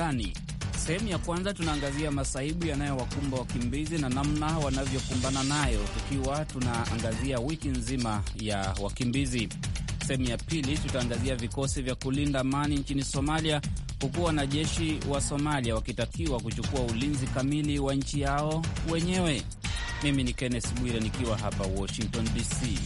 undani. Sehemu ya kwanza tunaangazia masaibu yanayowakumba wakimbizi na namna wanavyokumbana nayo, tukiwa tunaangazia wiki nzima ya wakimbizi. Sehemu ya pili tutaangazia vikosi vya kulinda amani nchini Somalia, huku wanajeshi wa Somalia wakitakiwa kuchukua ulinzi kamili wa nchi yao wenyewe. Mimi ni Kenneth Bwire nikiwa hapa Washington DC.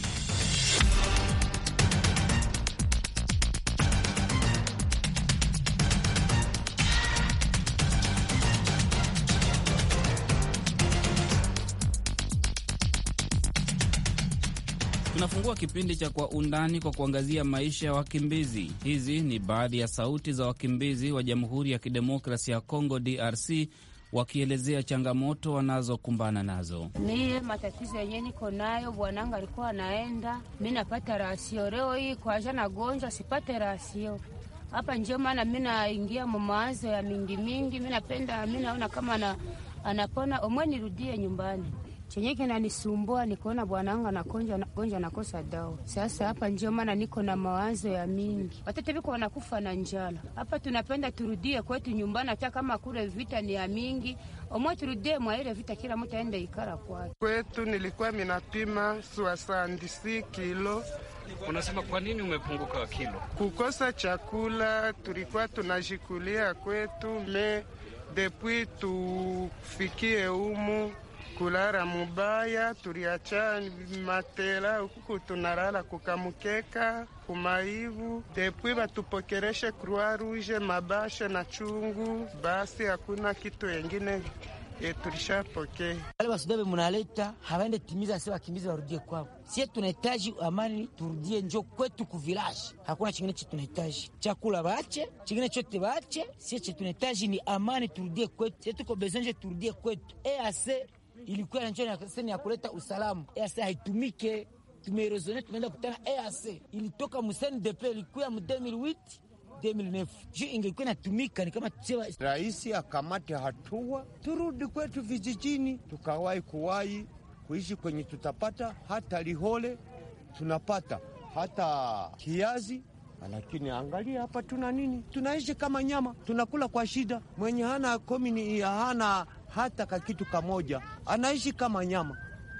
Tunafungua kipindi cha Kwa Undani kwa kuangazia maisha ya wakimbizi. Hizi ni baadhi ya sauti za wakimbizi wa Jamhuri ya Kidemokrasia ya Kongo, DRC, wakielezea changamoto wanazokumbana nazo. Niye matatizo yenye niko nayo, bwananga alikuwa anaenda, mi napata rasio. Leo hii kwaja na gonjwa, sipate rasio hapa, njio, maana mi naingia mumawazo ya mingi mingi. Mi napenda mi naona kama anapona omwe nirudie nyumbani. Chenye kinanisumbua ni kuona bwanangu anagonjwa gonjwa nakosa dawa. Sasa hapa ndio maana niko na mawazo ya mingi, watoto viko wanakufa na njala hapa. Tunapenda turudie kwetu nyumbani, hata kama kule vita ni ya mingi omwe, turudie mwa vita, kila mtu aende ikara kwake. Kwetu nilikuwa minapima suasandisi kilo Unasema kwa nini umepunguka kilo? Kukosa chakula, tulikuwa tunajikulia kwetu, me depuis tufikie humu kulala mubaya, tuliacha matela huku tunalala kukamukeka kumaivu depui batupokereshe Croix Rouge mabashe na chungu, basi hakuna kitu yengine e, tulishapokea. Wale wasudabe munaleta hawaende timiza, si wakimbizi warudie kwao. Sie tunahitaji amani, turudie njo kwetu kuvilashi. Hakuna chingine che tunahitaji, chakula baache, chingine chote baache. Sie che tunahitaji ni amani, turudie kwetu. Sie tuko bezenje, turudie kwetu ease ilikuwa na njia ya kuleta usalama, e EAC haitumike. Tumerezone, tumeenda kutana EAC ilitoka msndp ilikuya mu 2008 2009 juu inatumika ni kama rais akamate hatua, turudi kwetu vijijini, tukawahi kuwahi kuishi kwenye tutapata hata lihole, tunapata hata kiazi lakini angalia hapa, tuna nini? Tunaishi kama nyama, tunakula kwa shida. Mwenye hana komini, hana hata ka kitu kamoja, anaishi kama nyama,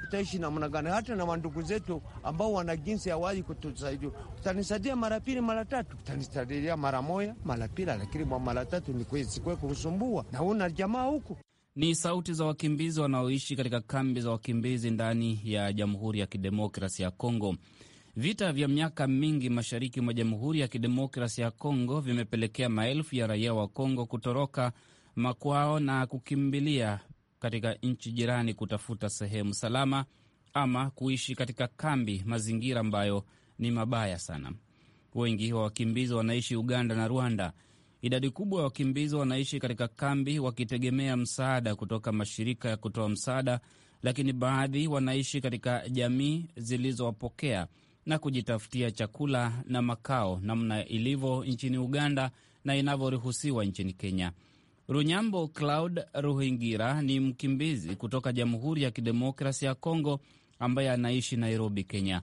utaishi namna gani? Hata na wandugu zetu ambao wana jinsi ya wazi kutusaidia, utanisaidia mara pili mara tatu, utanisaidia mara moja mara pili, lakini mwa mara tatu ni nisikwe kusumbua na una jamaa huku. Ni sauti za wakimbizi wanaoishi katika kambi za wakimbizi ndani ya Jamhuri ya Kidemokrasi ya Kongo. Vita vya miaka mingi mashariki mwa Jamhuri ya Kidemokrasi ya Kongo vimepelekea maelfu ya raia wa Kongo kutoroka makwao na kukimbilia katika nchi jirani kutafuta sehemu salama ama kuishi katika kambi, mazingira ambayo ni mabaya sana. Wengi wa wakimbizi wanaishi Uganda na Rwanda. Idadi kubwa ya wakimbizi wanaishi katika kambi wakitegemea msaada kutoka mashirika ya kutoa msaada, lakini baadhi wanaishi katika jamii zilizowapokea na kujitafutia chakula na makao, namna ilivyo nchini Uganda na inavyoruhusiwa nchini Kenya. Runyambo Claud Ruhingira ni mkimbizi kutoka Jamhuri ya Kidemokrasi ya Kongo ambaye anaishi Nairobi, Kenya.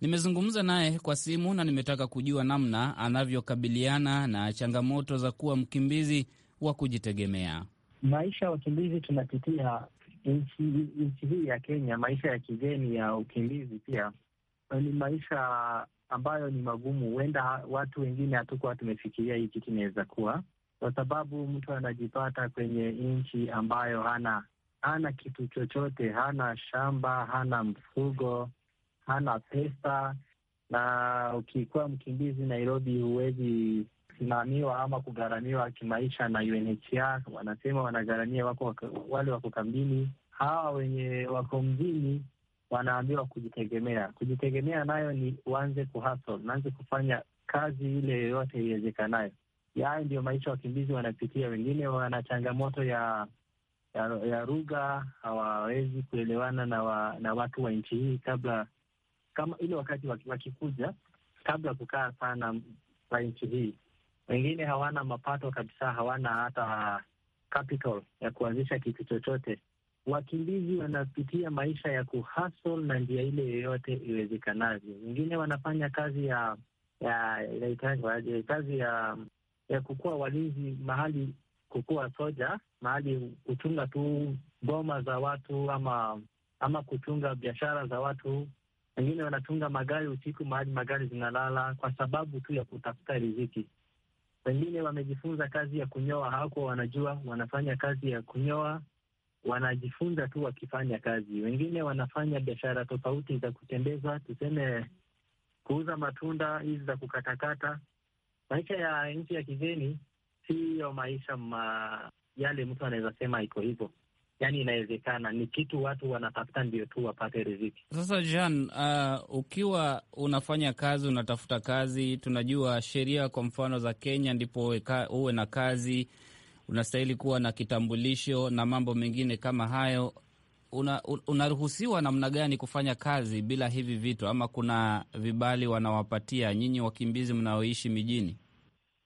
Nimezungumza naye kwa simu na nimetaka kujua namna anavyokabiliana na changamoto za kuwa mkimbizi wa kujitegemea. Maisha ya wakimbizi tunapitia nchi hii ya Kenya, maisha ya kigeni ya ukimbizi pia ni maisha ambayo ni magumu. Huenda watu wengine hatukuwa tumefikiria hii kitu inaweza kuwa kwa sababu mtu anajipata kwenye nchi ambayo hana hana kitu chochote, hana shamba, hana mfugo, hana pesa. Na ukikuwa mkimbizi Nairobi, huwezi simamiwa ama kugharamiwa kimaisha na UNHCR. Wanasema wanagharamia wako wale wako kambini, hawa wenye wako mjini wanaambiwa kujitegemea. Kujitegemea nayo ni uanze kuhustle, naanze kufanya kazi ile yoyote iwezekanayo. Hayo ndio maisha wakimbizi wanapitia. Wengine wana changamoto ya ya, ya lugha, hawawezi kuelewana na, wa, na watu wa nchi hii kabla kama ile wakati wakikuja, kabla kukaa sana kwa nchi hii. Wengine hawana mapato kabisa, hawana hata capital ya kuanzisha kitu chochote. Wakimbizi wanapitia maisha ya kuhustle na njia ile yoyote iwezekanavyo. Wengine wanafanya kazi ya ya, ya, ya, ya, ya, ya ya eh, kukuwa walinzi mahali, kukuwa soja mahali, kuchunga tu boma za watu ama ama kuchunga biashara za watu. Wengine wanachunga magari usiku mahali magari zinalala, kwa sababu tu ya kutafuta riziki. Wengine wamejifunza kazi ya kunyoa, hawakuwa wanajua, wanafanya kazi ya kunyoa, wanajifunza tu wakifanya kazi. Wengine wanafanya biashara tofauti za kutembeza, tuseme kuuza matunda hizi za kukatakata Maisha ya nchi ya kigeni siyo maisha ma... yale mtu anaweza sema iko hivyo, yaani inawezekana, ni kitu watu wanatafuta ndio tu wapate riziki. Sasa Jean, uh, ukiwa unafanya kazi, unatafuta kazi, tunajua sheria kwa mfano za Kenya, ndipo uwe na kazi unastahili kuwa na kitambulisho na mambo mengine kama hayo unaruhusiwa una, namna gani kufanya kazi bila hivi vitu, ama kuna vibali wanawapatia nyinyi wakimbizi mnaoishi mijini?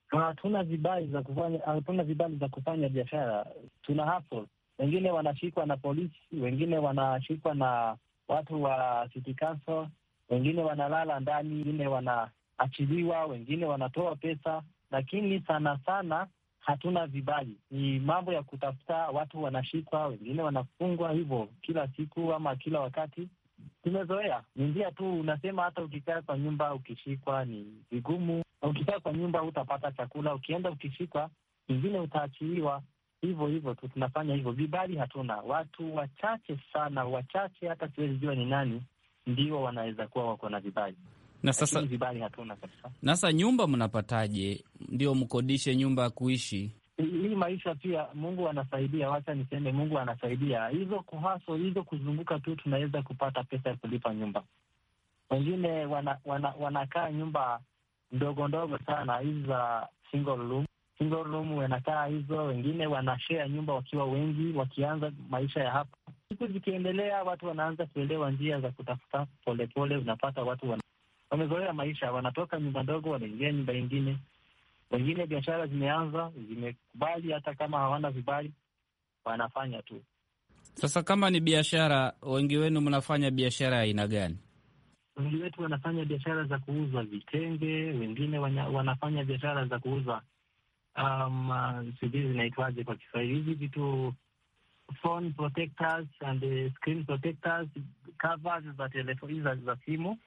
Hatuna vibali za kufanya, hatuna vibali za kufanya biashara. Tuna hapo, wengine wanashikwa na polisi, wengine wanashikwa na watu wa city council, wengine wanalala ndani, wengine wanaachiliwa, wengine wanatoa pesa, lakini sana sana hatuna vibali, ni mambo ya kutafuta. Watu wanashikwa, wengine wanafungwa hivyo kila siku ama kila wakati. Tumezoea, ni njia tu. Unasema hata ukikaa kwa nyumba ukishikwa ni vigumu, ukikaa kwa nyumba utapata chakula, ukienda ukishikwa ingine utaachiliwa hivyo hivyo tu, tunafanya hivyo. Vibali hatuna, watu wachache sana, wachache, hata siwezi jua ni nani ndio wanaweza kuwa wako na vibali na sasa vibali hatuna kabisa. Sasa nyumba mnapataje? Ndio mkodishe nyumba ya kuishi? Hii maisha pia Mungu anasaidia, wacha niseme Mungu anasaidia. Hizo kuhaso hizo kuzunguka tu, tunaweza kupata pesa ya kulipa nyumba. Wengine wanakaa wana, wana nyumba ndogo ndogo sana hizi za single room, single room wanakaa hizo. Wengine wanashea nyumba wakiwa wengi, wakianza maisha ya hapa. Siku zikiendelea, watu wanaanza kuelewa njia za kutafuta polepole, unapata watu wana wamezoea maisha, wanatoka nyumba ndogo wanaingia nyumba ingine. Wengine biashara zimeanza zimekubali, hata kama hawana vibali wanafanya tu. Sasa kama ni biashara, wengi wenu mnafanya biashara ya aina gani? Wengi wetu wanafanya biashara za kuuza vitenge, wengine wanafanya biashara za kuuza um, uh, sijui zinaitwaje kwa Kiswahili hizi vitu phone protectors and screen protectors, covers za telefoni za simu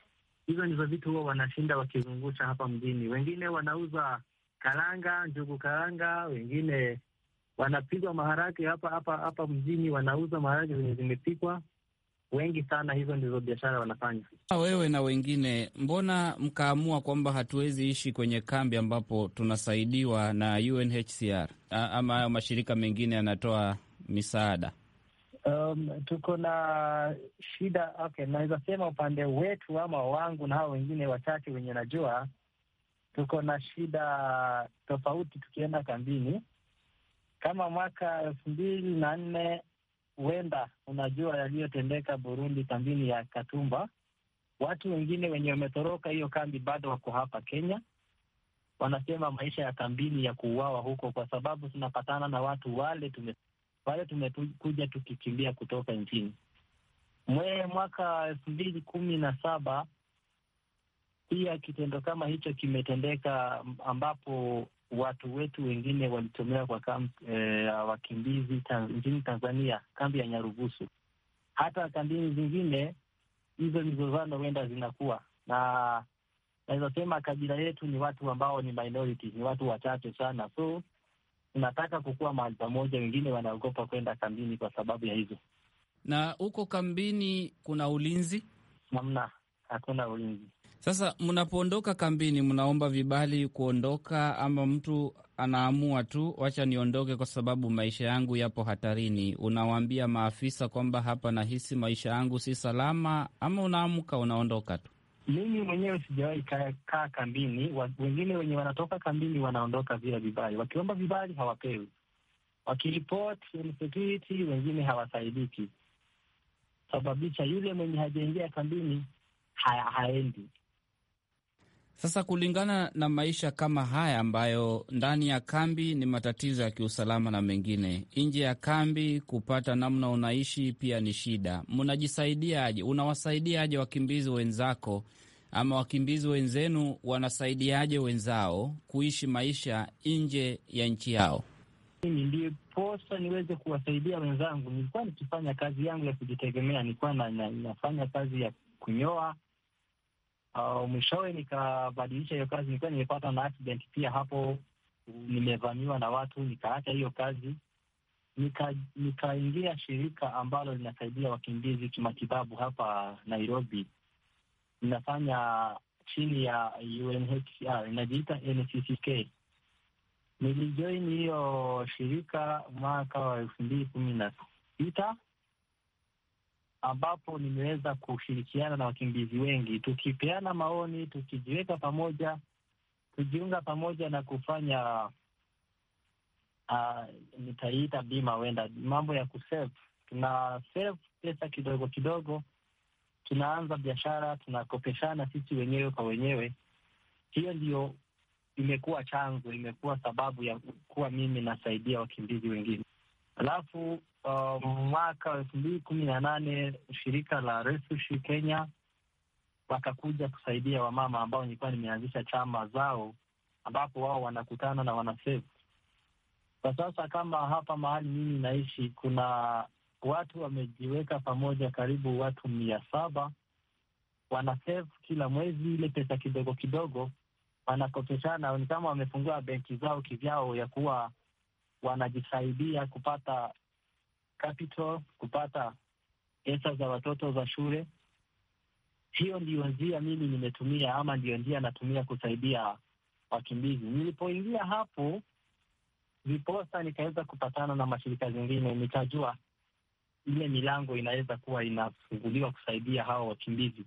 Hizo ndizo vitu huwa wanashinda wakizungusha hapa mjini. Wengine wanauza karanga, njugu karanga, wengine wanapigwa maharage hapa hapa hapa mjini, wanauza maharage zenye zimepikwa. Wengi sana, hizo ndizo biashara wanafanya. Ah, wewe na wengine, mbona mkaamua kwamba hatuwezi ishi kwenye kambi ambapo tunasaidiwa na UNHCR ah, ama mashirika mengine yanatoa misaada? Um, tuko na shida okay, naweza sema upande wetu ama wangu na hao wengine wachache wenye najua, tuko na shida tofauti tukienda kambini. Kama mwaka elfu mbili na nne huenda unajua yaliyotendeka Burundi, kambini ya Katumba. Watu wengine wenye wametoroka hiyo kambi bado wako hapa Kenya, wanasema maisha ya kambini ya kuuawa huko, kwa sababu tunapatana na watu wale tume pale tumekuja tukikimbia kutoka nchini mwe mwaka elfu mbili kumi na saba pia kitendo kama hicho kimetendeka, ambapo watu wetu wengine walitomewa kwa kambi e, wakimbizi nchini Tanzania, kambi ya Nyarugusu. Hata kambini zingine hizo mizozano huenda zinakuwa na naweza sema kabila yetu ni watu ambao ni minority, ni watu wachache sana, so tunataka kukuwa mahali pamoja, wengine wanaogopa kwenda kambini kwa sababu ya hizo. Na huko kambini kuna ulinzi? Namna, hakuna ulinzi. Sasa mnapoondoka kambini, mnaomba vibali kuondoka ama mtu anaamua tu, wacha niondoke kwa sababu maisha yangu yapo hatarini? Unawaambia maafisa kwamba hapa nahisi maisha yangu si salama, ama unaamka unaondoka tu? Mimi mwenyewe sijawahi kaa kambini. Wengine wenye wanatoka kambini wanaondoka bila vibali, wakiomba vibali hawapewi, wakiripoti security wengine hawasaidiki, sababisha yule mwenye hajaingia kambini haendi. Sasa kulingana na maisha kama haya ambayo ndani ya kambi ni matatizo ya kiusalama na mengine, nje ya kambi kupata namna unaishi pia ni shida. Mnajisaidiaje? Unawasaidiaje wakimbizi wenzako ama wakimbizi wenzenu wanasaidiaje wenzao kuishi maisha nje ya nchi yao? Mimi ndiposa niweze kuwasaidia wenzangu, nilikuwa nikifanya kazi yangu ya kujitegemea, nilikuwa nafanya kazi ya kunyoa Uh, mwishowe nikabadilisha hiyo kazi. Nilikuwa nimepata na accident pia hapo, nimevamiwa na watu, nikaacha hiyo kazi, nikaingia nika shirika ambalo linasaidia wakimbizi kimatibabu hapa Nairobi, inafanya chini ya UNHCR, inajiita NCCK. Nilijoini hiyo shirika mwaka wa elfu mbili kumi na sita ambapo nimeweza kushirikiana na wakimbizi wengi, tukipeana maoni, tukijiweka pamoja, tujiunga pamoja na kufanya uh, ah, nitaiita bima, wenda mambo ya kusave. Tuna save pesa kidogo kidogo, tunaanza biashara, tunakopeshana sisi wenyewe kwa wenyewe. Hiyo ndiyo imekuwa chanzo, imekuwa sababu ya kuwa mimi nasaidia wakimbizi wengine. Alafu uh, mwaka wa elfu mbili kumi na nane shirika la Resushi Kenya wakakuja kusaidia wamama ambao nilikuwa nimeanzisha chama zao, ambapo wao wanakutana na wanasefu Kwa sasa kama hapa mahali mimi naishi, kuna watu wamejiweka pamoja, karibu watu mia saba wanasefu kila mwezi ile pesa kidogo kidogo, wanakopeshana, ni kama wamefungua benki zao kivyao ya kuwa wanajisaidia kupata capital, kupata pesa za watoto za shule. Hiyo ndiyo njia mimi nimetumia ama ndiyo njia natumia kusaidia wakimbizi. Nilipoingia hapo viposa, nikaweza kupatana na mashirika zingine, nikajua ile milango inaweza kuwa inafunguliwa kusaidia hawa wakimbizi.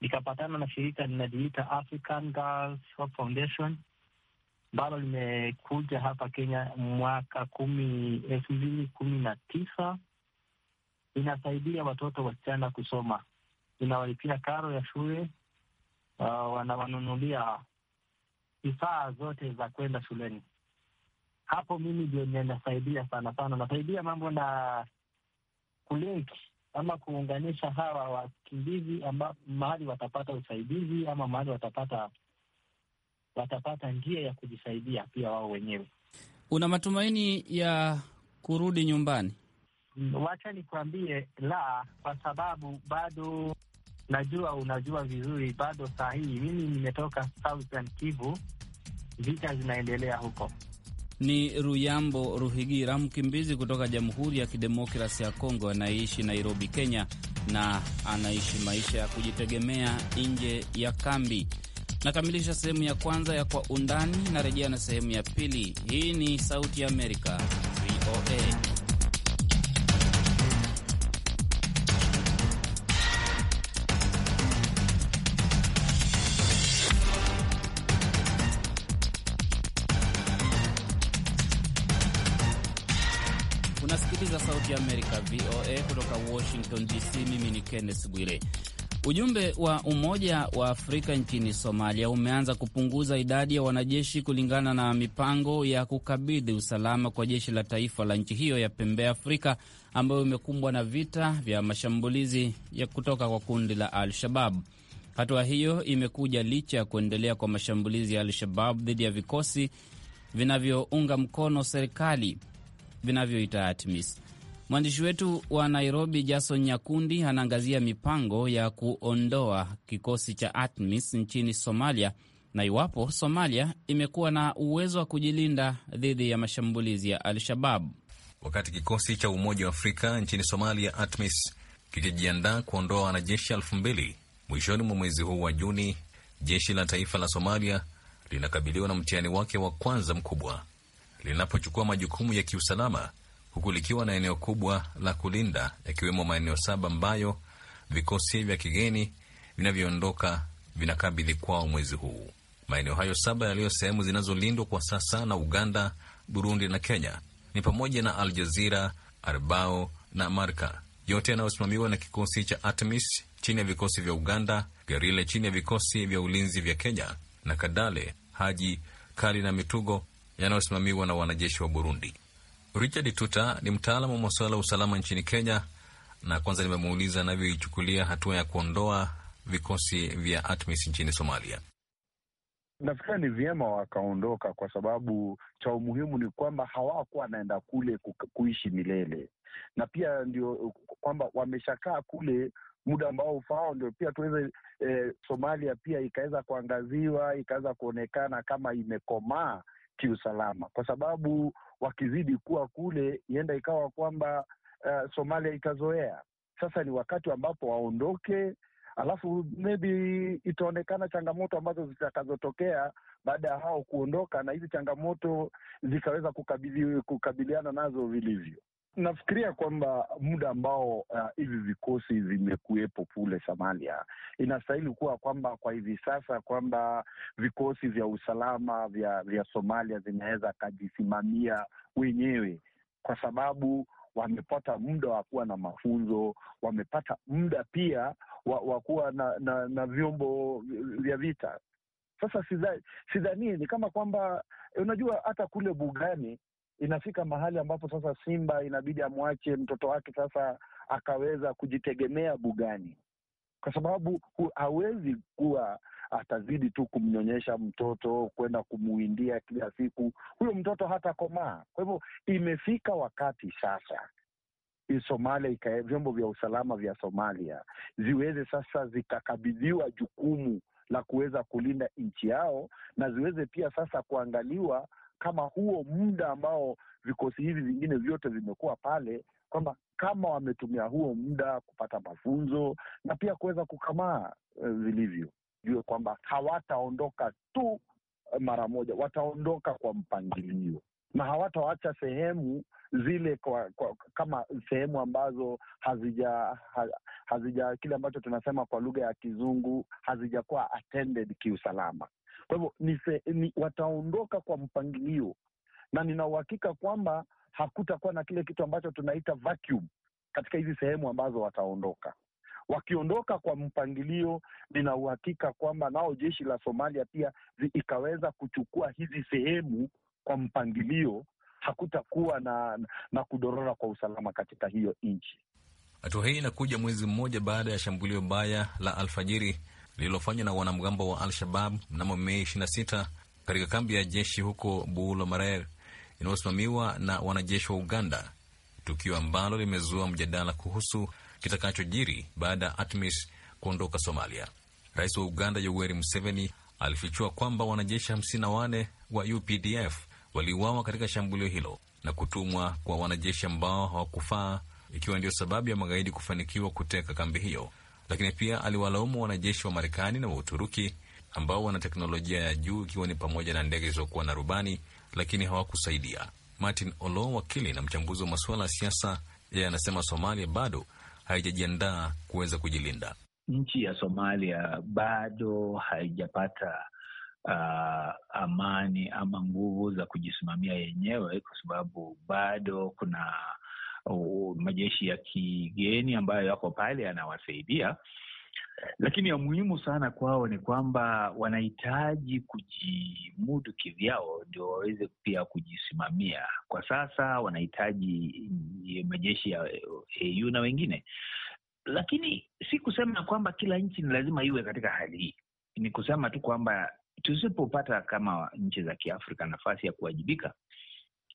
Nikapatana na shirika linajiita African Girls Foundation ambalo limekuja hapa Kenya mwaka kumi elfu mbili kumi na tisa inasaidia watoto wasichana kusoma, inawalipia karo ya shule, uh, wanawanunulia vifaa zote za kwenda shuleni. Hapo mimi ndio ninasaidia sana sana, nasaidia mambo na kulinki ama kuunganisha hawa wakimbizi, mahali watapata usaidizi ama mahali watapata watapata njia ya kujisaidia pia wao wenyewe. Una matumaini ya kurudi nyumbani? Mm, wacha nikuambie la, kwa sababu bado najua, unajua vizuri, bado saa hii mimi nimetoka Southern Kivu, vita zinaendelea huko. Ni Ruyambo Ruhigira, mkimbizi kutoka Jamhuri ya Kidemokrasi ya Kongo, anayeishi Nairobi, Kenya, na anaishi maisha ya kujitegemea nje ya kambi. Nakamilisha sehemu ya kwanza ya Kwa Undani, narejea na sehemu ya pili. Hii ni Sauti ya Amerika, VOA. Unasikiliza Sauti ya Amerika, VOA, kutoka Washington DC. Mimi ni Kenneth Bwire. Ujumbe wa Umoja wa Afrika nchini Somalia umeanza kupunguza idadi ya wanajeshi kulingana na mipango ya kukabidhi usalama kwa jeshi la taifa la nchi hiyo ya pembe Afrika ambayo imekumbwa na vita vya mashambulizi ya kutoka kwa kundi la Al-Shabab. Hatua hiyo imekuja licha ya kuendelea kwa mashambulizi ya Al-Shabab dhidi ya vikosi vinavyounga mkono serikali vinavyoita ATMIS. Mwandishi wetu wa Nairobi, Jason Nyakundi, anaangazia mipango ya kuondoa kikosi cha ATMIS nchini Somalia na iwapo Somalia imekuwa na uwezo wa kujilinda dhidi ya mashambulizi ya Al-Shabab. Wakati kikosi cha Umoja wa Afrika nchini Somalia, ATMIS, kikijiandaa kuondoa wanajeshi elfu mbili mwishoni mwa mwezi huu wa Juni, jeshi la taifa la Somalia linakabiliwa na mtihani wake wa kwanza mkubwa linapochukua majukumu ya kiusalama huku likiwa na eneo kubwa la kulinda yakiwemo maeneo saba ambayo vikosi vya kigeni vinavyoondoka vinakabidhi kwao mwezi huu. Maeneo hayo saba yaliyo sehemu zinazolindwa kwa sasa na Uganda, Burundi na Kenya ni pamoja na Aljazira, Arbao na Marka, yote yanayosimamiwa na kikosi cha ATMIS chini ya vikosi vya Uganda, gerile chini ya vikosi vya ulinzi vya Kenya na Kadale, Haji Kali na Mitugo yanayosimamiwa na wanajeshi wa Burundi. Richard Tuta ni mtaalamu wa masuala ya usalama nchini Kenya, na kwanza nimemuuliza anavyoichukulia hatua ya kuondoa vikosi vya ATMIS nchini Somalia. Nafikiri ni vyema wakaondoka, kwa sababu cha umuhimu ni kwamba hawakuwa wanaenda kule kuishi milele, na pia ndio kwamba wameshakaa kule muda ambao ufaao, ndio pia tuweze eh, Somalia pia ikaweza kuangaziwa, ikaweza kuonekana kama imekomaa kiusalama, kwa sababu wakizidi kuwa kule, ienda ikawa kwamba uh, Somalia itazoea. Sasa ni wakati ambapo waondoke, alafu maybe itaonekana changamoto ambazo zitakazotokea baada ya hao kuondoka, na hizi changamoto zikaweza kukabili, kukabiliana nazo vilivyo. Nafikiria kwamba muda ambao uh, hivi uh, vikosi vimekuwepo kule Somalia inastahili kuwa kwamba kwa hivi sasa kwamba vikosi vya usalama vya, vya Somalia zinaweza kajisimamia wenyewe kwa sababu wamepata muda wa kuwa na mafunzo, wamepata muda pia wa kuwa na, na, na vyombo vya vita. Sasa sidhanii ni kama kwamba unajua, hata kule bugani inafika mahali ambapo sasa Simba inabidi amwache mtoto wake sasa akaweza kujitegemea bugani, kwa sababu hawezi kuwa atazidi tu kumnyonyesha mtoto kwenda kumuindia kila siku, huyo mtoto hata komaa Kwa hivyo imefika wakati sasa Somalia ika vyombo vya usalama vya Somalia ziweze sasa zikakabidhiwa jukumu la kuweza kulinda nchi yao na ziweze pia sasa kuangaliwa kama huo muda ambao vikosi hivi vingine vyote vimekuwa pale, kwamba kama wametumia huo muda kupata mafunzo na pia kuweza kukamaa eh, vilivyo, jue kwamba hawataondoka tu eh, mara moja, wataondoka kwa mpangilio na hawatawacha sehemu zile kwa, kwa, kama sehemu ambazo hazija hazija kile ambacho tunasema kwa lugha ya Kizungu hazijakuwa attended kiusalama. Kwa hivyo ni, wataondoka kwa mpangilio, na nina uhakika kwamba hakutakuwa na kile kitu ambacho tunaita vacuum katika hizi sehemu ambazo wataondoka. Wakiondoka kwa mpangilio, nina uhakika kwamba nao jeshi la Somalia pia ikaweza kuchukua hizi sehemu kwa mpangilio, hakutakuwa na, na kudorora kwa usalama katika hiyo nchi. Hatua hii inakuja mwezi mmoja baada ya shambulio baya la alfajiri lililofanywa na wanamgambo wa Al-Shabab mnamo Mei 26 katika kambi ya jeshi huko marer inayosimamiwa na wanajeshi wa Uganda, tukio ambalo limezua mjadala kuhusu kitakachojiri baada ya ATMIS kuondoka Somalia. Rais wa Uganda Yoweri Museveni alifichua kwamba wanajeshi 54 wa UPDF waliuawa katika shambulio hilo na kutumwa kwa wanajeshi ambao hawakufaa, ikiwa ndiyo sababu ya magaidi kufanikiwa kuteka kambi hiyo lakini pia aliwalaumu wanajeshi wa Marekani na wa Uturuki ambao wana teknolojia ya juu ikiwa ni pamoja na ndege zilizokuwa na rubani lakini hawakusaidia. Martin Olo, wakili na mchambuzi wa masuala ya siasa, yeye anasema Somalia bado haijajiandaa kuweza kujilinda. Nchi ya Somalia bado haijapata uh, amani ama nguvu za kujisimamia yenyewe, kwa sababu bado kuna majeshi ya kigeni ambayo yako pale yanawasaidia, lakini ya muhimu sana kwao ni kwamba wanahitaji kujimudu kivyao ndio waweze pia kujisimamia. Kwa sasa wanahitaji majeshi ya AU na wengine, lakini si kusema kwamba kila nchi ni lazima iwe katika hali hii. Ni kusema tu kwamba tusipopata kama nchi za Kiafrika nafasi ya kuwajibika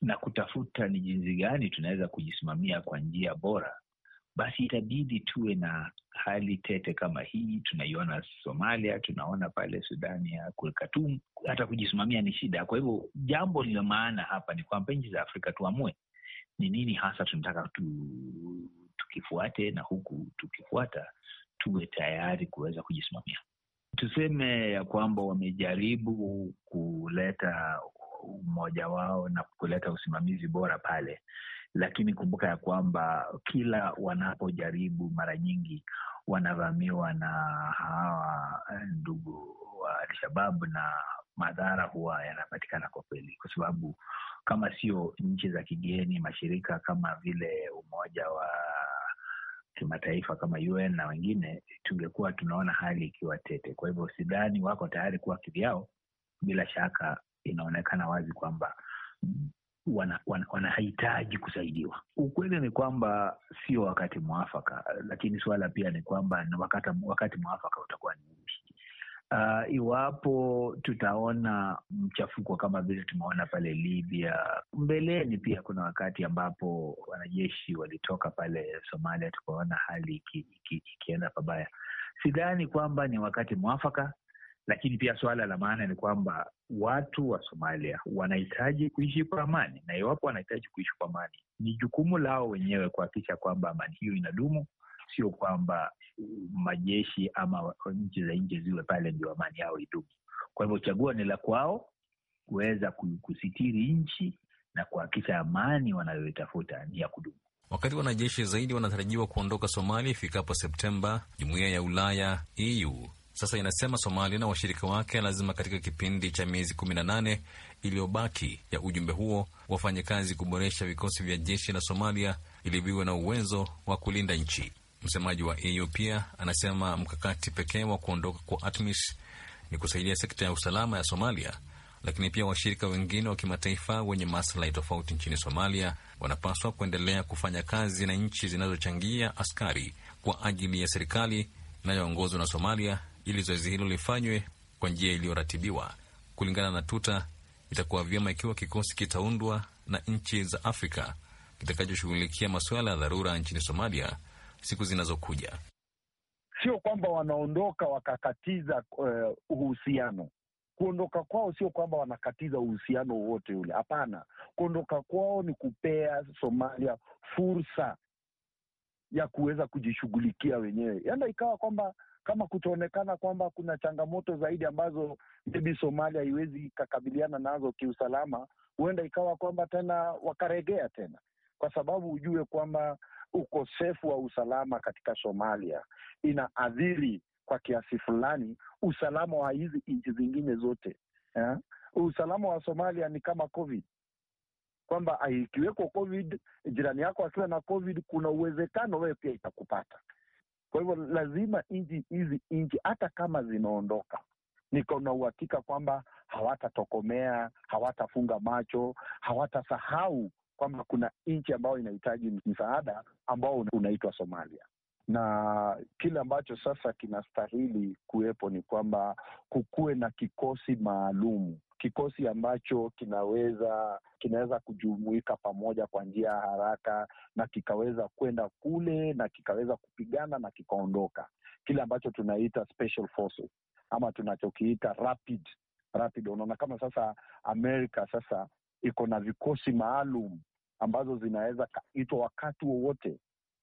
na kutafuta ni jinsi gani tunaweza kujisimamia kwa njia bora, basi itabidi tuwe na hali tete kama hii tunaiona Somalia, tunaona pale Sudani ya Khartoum. Hata kujisimamia ni shida. Kwa hivyo jambo lililo maana hapa ni kwamba nchi za Afrika tuamue ni nini hasa tunataka tu, tukifuate na huku tukifuata tuwe tayari kuweza kujisimamia. Tuseme ya kwamba wamejaribu kuleta mmoja wao na kuleta usimamizi bora pale, lakini kumbuka ya kwamba kila wanapojaribu mara nyingi wanavamiwa na hawa eh, ndugu wa alshabab na madhara huwa yanapatikana kwa kweli, kwa sababu kama sio nchi za kigeni, mashirika kama vile Umoja wa kimataifa kama UN na wengine, tungekuwa tunaona hali ikiwa tete. Kwa hivyo sidhani wako tayari kuwa kivyao. Bila shaka inaonekana wazi kwamba wanahitaji mm, wana, wana kusaidiwa. Ukweli ni kwamba sio wakati mwafaka, lakini suala pia ni kwamba wakati, wakati mwafaka utakuwa ni upi? Uh, iwapo tutaona mchafuko kama vile tumeona pale Libya mbeleni, pia kuna wakati ambapo wanajeshi walitoka pale Somalia, tukaona hali ikienda iki, iki, pabaya. Sidhani kwamba ni wakati mwafaka lakini pia suala la maana ni kwamba watu wa Somalia wanahitaji kuishi kwa amani, na iwapo wanahitaji kuishi kwa amani, ni jukumu lao wenyewe kuhakikisha kwamba amani hiyo inadumu, sio kwamba majeshi ama nchi za nje ziwe pale ndio amani yao idumu. Kwa hivyo chaguo ni la kwao kuweza kusitiri nchi na kuhakikisha amani wanayoitafuta ni ya kudumu. Wakati wanajeshi zaidi wanatarajiwa kuondoka Somalia ifikapo Septemba, jumuiya ya Ulaya EU sasa inasema Somalia na washirika wake lazima katika kipindi cha miezi kumi na nane iliyobaki ya ujumbe huo wafanye kazi kuboresha vikosi vya jeshi la Somalia ili viwe na uwezo wa kulinda nchi. Msemaji wa EU pia anasema mkakati pekee wa kuondoka kwa ATMIS ni kusaidia sekta ya usalama ya Somalia, lakini pia washirika wengine wa kimataifa wenye maslahi tofauti nchini Somalia wanapaswa kuendelea kufanya kazi na nchi zinazochangia askari kwa ajili ya serikali inayoongozwa na Somalia ili zoezi hilo lifanywe kwa njia iliyoratibiwa kulingana na tuta. Itakuwa vyema ikiwa kikosi kitaundwa na nchi za Afrika kitakachoshughulikia masuala ya dharura nchini Somalia siku zinazokuja. Sio kwamba wanaondoka wakakatiza uh, uhusiano. Kuondoka kwao sio kwamba wanakatiza uhusiano wowote ule, hapana. Kuondoka kwao ni kupea Somalia fursa ya kuweza kujishughulikia wenyewe, yanda ikawa kwamba kama kutaonekana kwamba kuna changamoto zaidi ambazo maybe Somalia haiwezi ikakabiliana nazo kiusalama, huenda ikawa kwamba tena wakaregea tena, kwa sababu hujue kwamba ukosefu wa usalama katika Somalia inaathiri kwa kiasi fulani usalama wa hizi nchi zingine zote yeah? Usalama wa Somalia ni kama COVID kwamba ikiweko COVID, jirani yako akiwa na COVID, kuna uwezekano wewe pia itakupata. Kwa hivyo lazima nchi hizi nchi hata kama zinaondoka, niko na uhakika kwamba hawatatokomea, hawatafunga macho, hawatasahau kwamba kuna nchi ambayo inahitaji msaada ambao unaitwa Somalia na kile ambacho sasa kinastahili kuwepo ni kwamba kukuwe na kikosi maalum kikosi ambacho kinaweza kinaweza kujumuika pamoja kwa njia ya haraka na kikaweza kwenda kule na kikaweza kupigana na kikaondoka, kile ambacho tunaita special forces ama tunachokiita rapid rapid. Unaona kama sasa Amerika sasa iko na vikosi maalum ambazo zinaweza kaitwa wakati wowote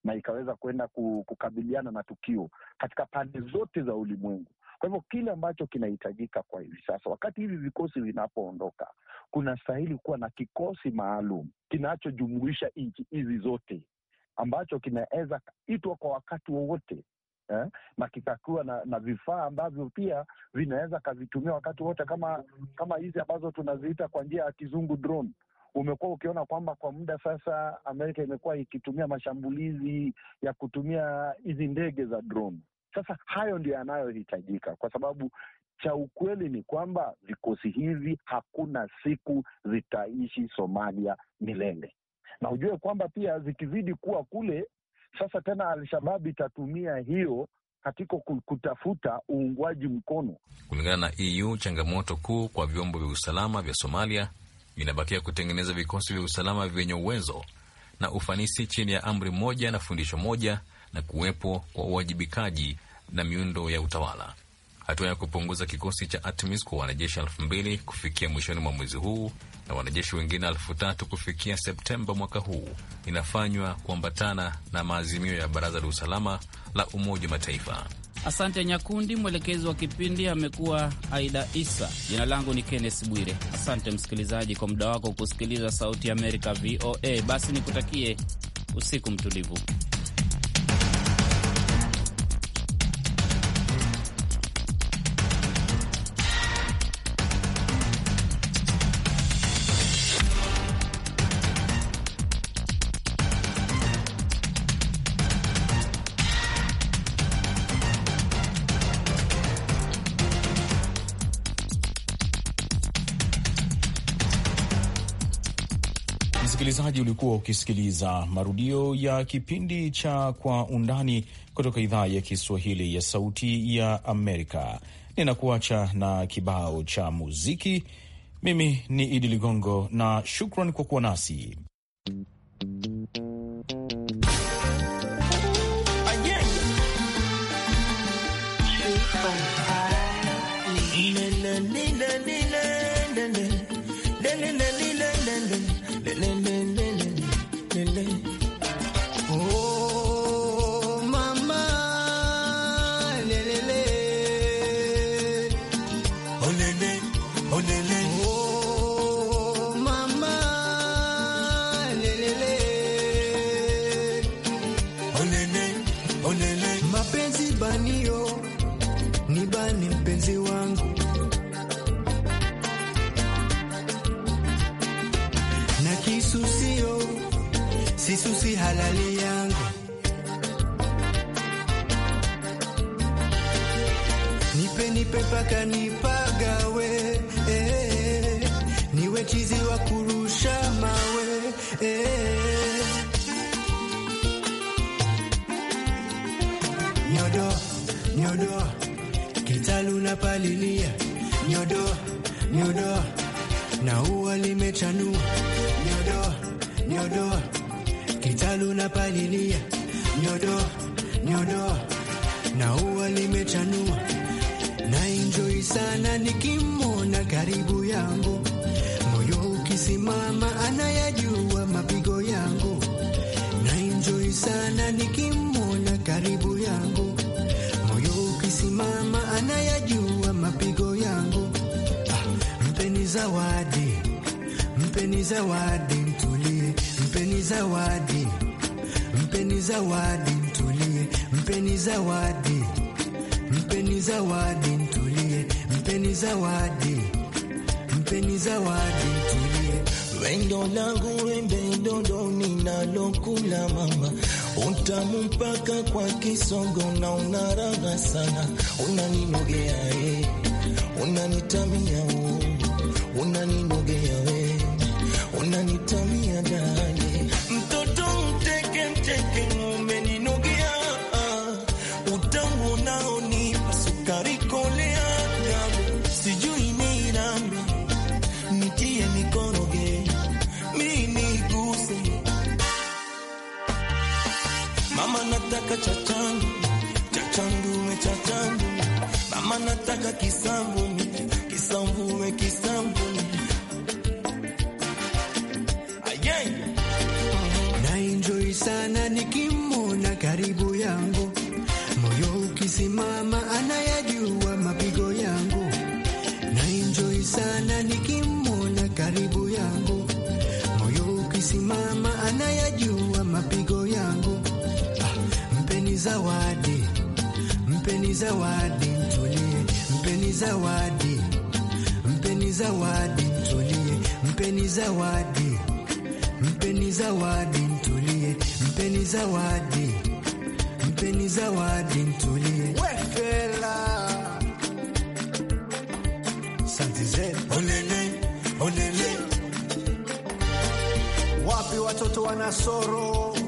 na ikaweza kwenda kukabiliana na tukio katika pande zote za ulimwengu. Kwa hivyo kile ambacho kinahitajika kwa hivi sasa, wakati hivi vikosi vinapoondoka, kuna stahili kuwa na kikosi maalum kinachojumuisha nchi hizi zote ambacho kinaweza itwa kwa wakati wowote eh, na kikakiwa na, na vifaa ambavyo pia vinaweza kavitumia wakati wote, kama kama hizi ambazo tunaziita kwa njia ya kizungu drone. Umekuwa ukiona kwamba kwa muda sasa Amerika imekuwa ikitumia mashambulizi ya kutumia hizi ndege za drone sasa hayo ndio yanayohitajika, kwa sababu cha ukweli ni kwamba vikosi hivi hakuna siku zitaishi Somalia milele, na ujue kwamba pia zikizidi kuwa kule sasa tena alshabab itatumia hiyo katika kutafuta uungwaji mkono. Kulingana na EU, changamoto kuu kwa vyombo vya usalama vya Somalia vinabakia kutengeneza vikosi vya usalama vyenye uwezo na ufanisi chini ya amri moja na fundisho moja na kuwepo kwa uwajibikaji na miundo ya utawala. Hatua ya kupunguza kikosi cha ATMIS kwa wanajeshi elfu mbili kufikia mwishoni mwa mwezi huu na wanajeshi wengine elfu tatu kufikia Septemba mwaka huu inafanywa kuambatana na maazimio ya Baraza la Usalama la Umoja wa Mataifa. Asante Nyakundi. Mwelekezi wa kipindi amekuwa Aida Isa. Jina langu ni Kennes Bwire. Asante msikilizaji kwa muda wako kusikiliza Sauti ya Amerika, VOA. Basi nikutakie usiku mtulivu. Msikilizaji, ulikuwa ukisikiliza marudio ya kipindi cha Kwa Undani kutoka idhaa ya Kiswahili ya Sauti ya Amerika. Ninakuacha na kibao cha muziki. Mimi ni Idi Ligongo na shukran kwa kuwa nasi. kanipagawe eh, niwe chizi wa kurusha mawe eh, nyodo nyodo kitalu na palilia nyodo nyodo na ua limechanua nyodo nyodo kitalu na palilia nyodo nyodo na ua limechanua nikimwona karibu yangu, moyo ukisimama, anayajua mapigo yangu, na enjoy sana nikimwona karibu yangu, moyo ukisimama, anayajua mapigo yangu. Ah, mpeni zawadi, mpeni zawadi, mtulie, mpeni zawadi, mpeni zawadi, mtulie, mpeni zawadi, mpeni zawadi mpeni zawadi, mpeni zawadi tulie. Wendo langu wembe dodo ninalokula mama, utamu mpaka kwa kisogo, na unaraga sana, unaninogea e, unanitamia u, unaninogea we, unanitamia dani mtoto mteke mteke umeninogia, utamu nao ni pasukarikole nataka chachandu, chachandu, me chachandu, mama nataka kisambu zawadi, mpeni zawadi mtulie, mpeni zawadi, mpeni zawadi mtulie, mpeni zawadi, mpeni zawadi mtulie, mpeni zawadi, mpeni zawadi mtulie. Wefela Olele, olele. Wapi watoto wanasoro